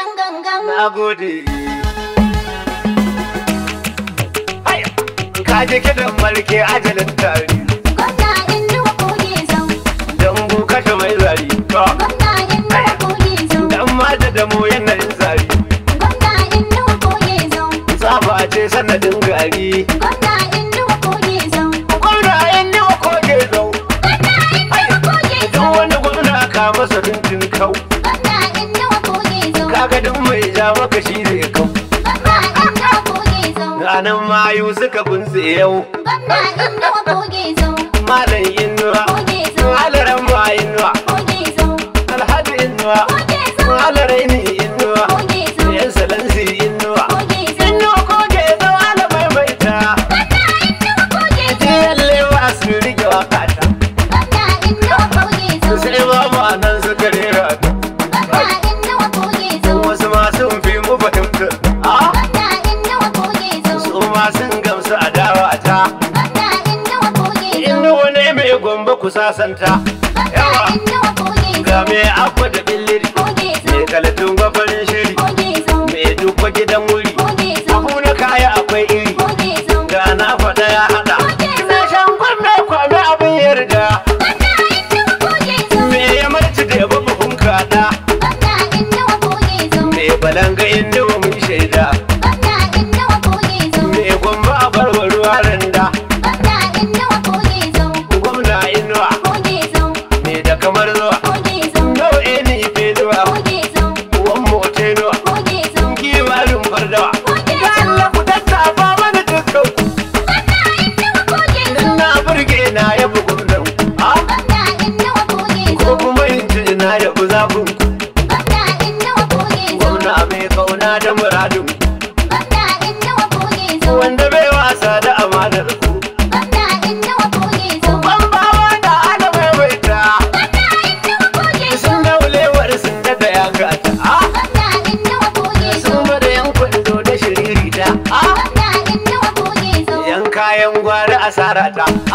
gangan Na gode. Ka je kiɗan marke ajalin tari. Gwamna in nawa koge zau. Dan buka ta mai zari. Gwamna in nawa koge zau. Dan mata da mu yanayin zari. Gwamna in nawa koge zau. Saba ce sanadin gari. Gwamna ja maka shi zai kau ranar mayu suka kunse yau malam inuwa malaran ba inuwa alhaji inuwa malaraini inuwa ba ku sasanta yawa ga me abu da billiri me kalatun gwafarin shiri me duk gidan wuri sarata.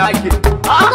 merak Aa!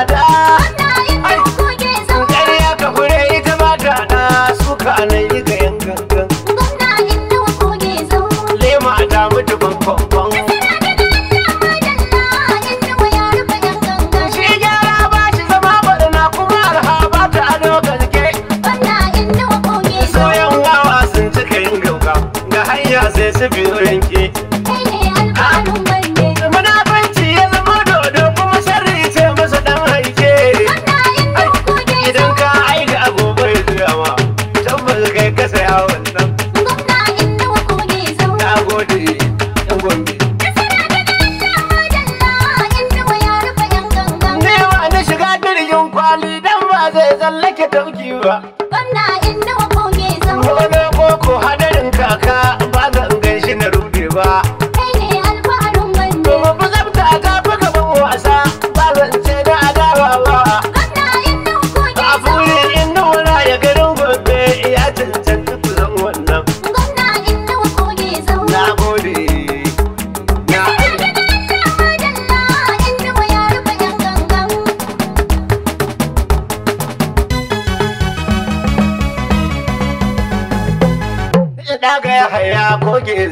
tsada look at it.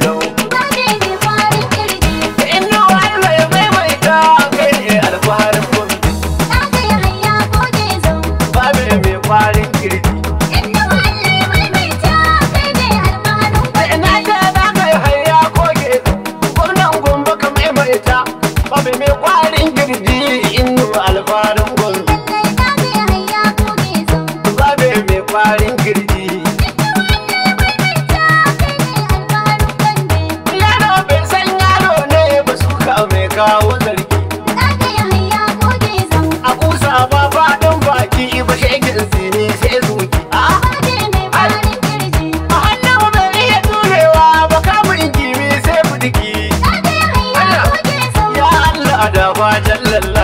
illallah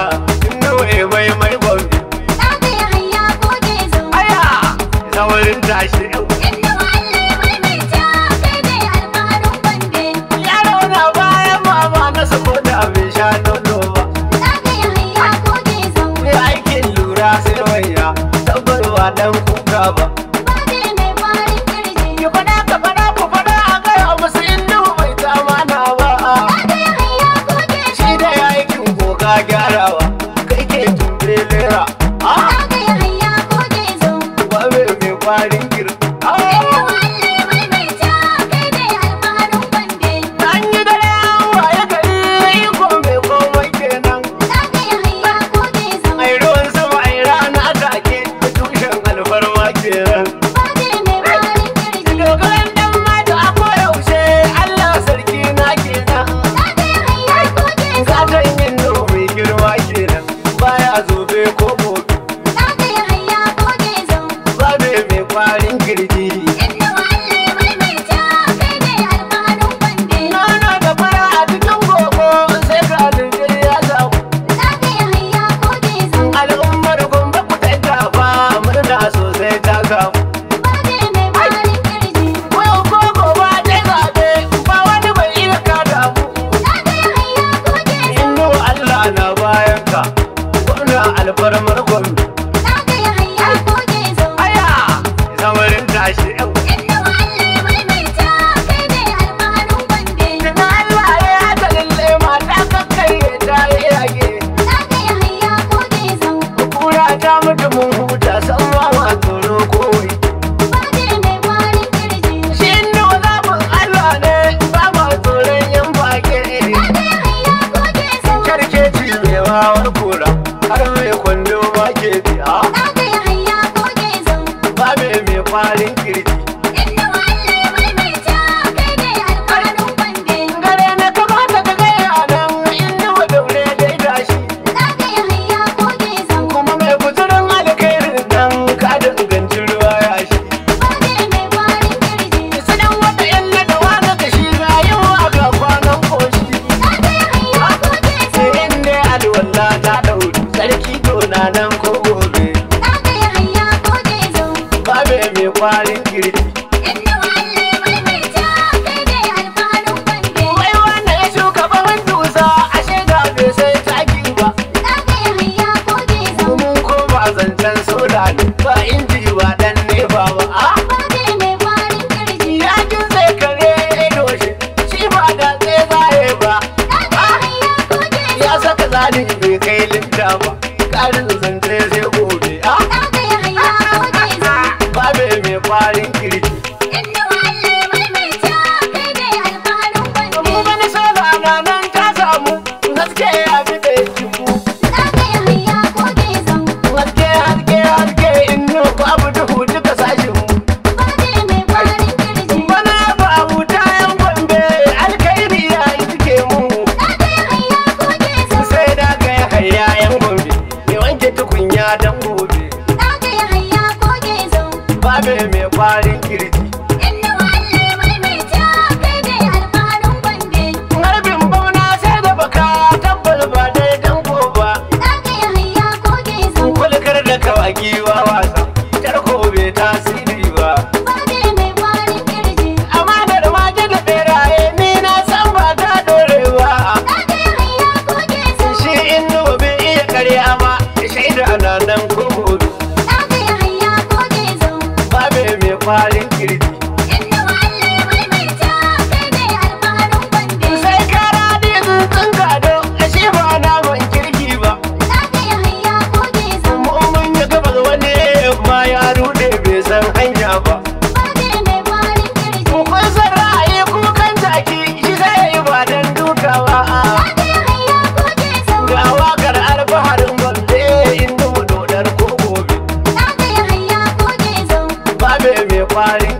哇！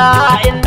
sa'in